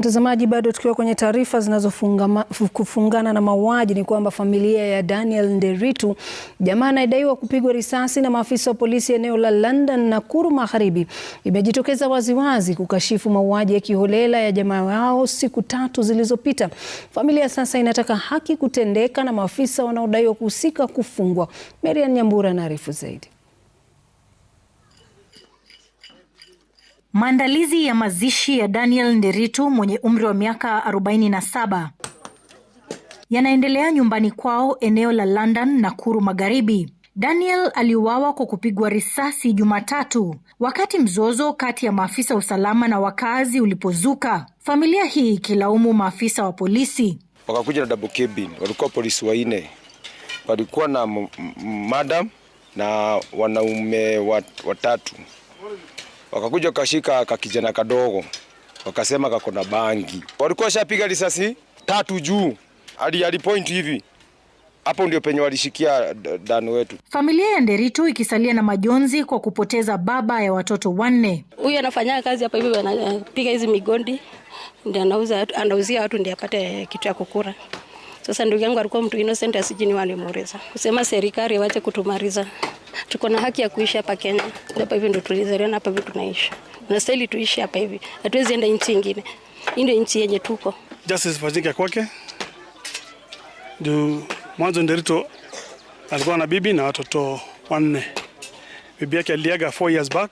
Mtazamaji, bado tukiwa kwenye taarifa zinazofungana na mauaji, ni kwamba familia ya Daniel Nderitu, jamaa anayedaiwa kupigwa risasi na maafisa wa polisi eneo la London, Nakuru Magharibi, imejitokeza waziwazi kukashifu mauaji ya kiholela ya jamaa wao siku tatu zilizopita. Familia sasa inataka haki kutendeka na maafisa wanaodaiwa kuhusika kufungwa. Marian Nyambura anaarifu zaidi. Maandalizi ya mazishi ya Daniel Nderitu mwenye umri wa miaka 47 yanaendelea nyumbani kwao eneo la London, Nakuru Magharibi. Daniel aliuawa kwa kupigwa risasi Jumatatu wakati mzozo kati ya maafisa usalama na wakazi ulipozuka, familia hii ikilaumu maafisa wa polisi. Wakakuja na double cabin, walikuwa polisi wanne, walikuwa na madam na wanaume watatu wakakuja kashika kakijana kadogo, wakasema kako na bangi. Walikuwa shapiga risasi tatu juu hadi hadi point hivi hapo ndio penye walishikia dani wetu. Familia ya Nderitu ikisalia na majonzi kwa kupoteza baba ya watoto wanne. Huyu anafanya kazi hapa hivi, anapiga hizi migondi, ndio anauza, anauzia watu ndio apate kitu ya kukura. Sasa ndugu yangu alikuwa mtu innocent, asijini walimuriza kusema serikali wache kutumariza tuko na haki ya kuishi hapa Kenya. Hapa hivi ndio na hapa hivi tunaishi, tunastahili tuishi hapa hivi, hatuwezi enda nchi nyingine. Hii ndio nchi yenye tuko. Justice Fazika kwake juu mwanzo Nderito alikuwa na bibi na watoto wanne. Bibi yake aliaga 4 years back,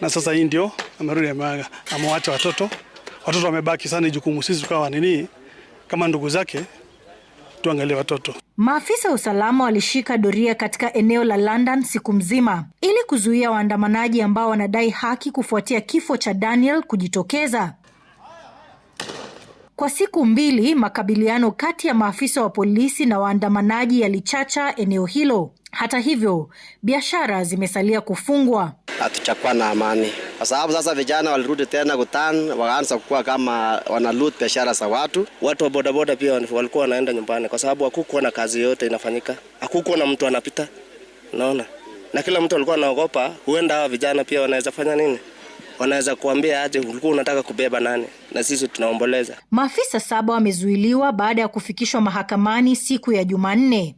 na sasa hii ndio amerudi, amaga amewacha watoto. Watoto wamebaki sana, jukumu sisi tukawa nini kama ndugu zake tuangalie watoto. Maafisa wa usalama walishika doria katika eneo la London siku mzima ili kuzuia waandamanaji ambao wanadai haki kufuatia kifo cha Daniel kujitokeza. Kwa siku mbili, makabiliano kati ya maafisa wa polisi na waandamanaji yalichacha eneo hilo. Hata hivyo, biashara zimesalia kufungwa. Hatuchakuwa na amani kwa sababu sasa vijana walirudi tena kutan, wakaanza kukuwa kama wanalut biashara za watu. Watu wa bodaboda pia walikuwa wanaenda nyumbani kwa sababu hakukuwa na kazi yoyote inafanyika, hakukuwa na mtu anapita, naona na kila mtu alikuwa anaogopa, huenda hawa vijana pia wanaweza fanya nini wanaweza kuambia aje ulikuwa unataka kubeba nani, na sisi tunaomboleza. Maafisa saba wamezuiliwa baada ya kufikishwa mahakamani siku ya Jumanne,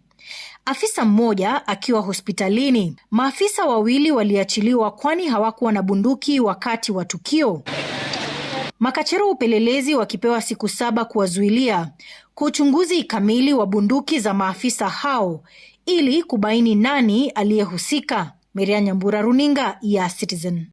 afisa mmoja akiwa hospitalini. Maafisa wawili waliachiliwa kwani hawakuwa na bunduki wakati wa tukio. Makachero upelelezi wakipewa siku saba kuwazuilia kwa uchunguzi kamili wa bunduki za maafisa hao ili kubaini nani aliyehusika. Meria Nyambura, runinga ya Citizen.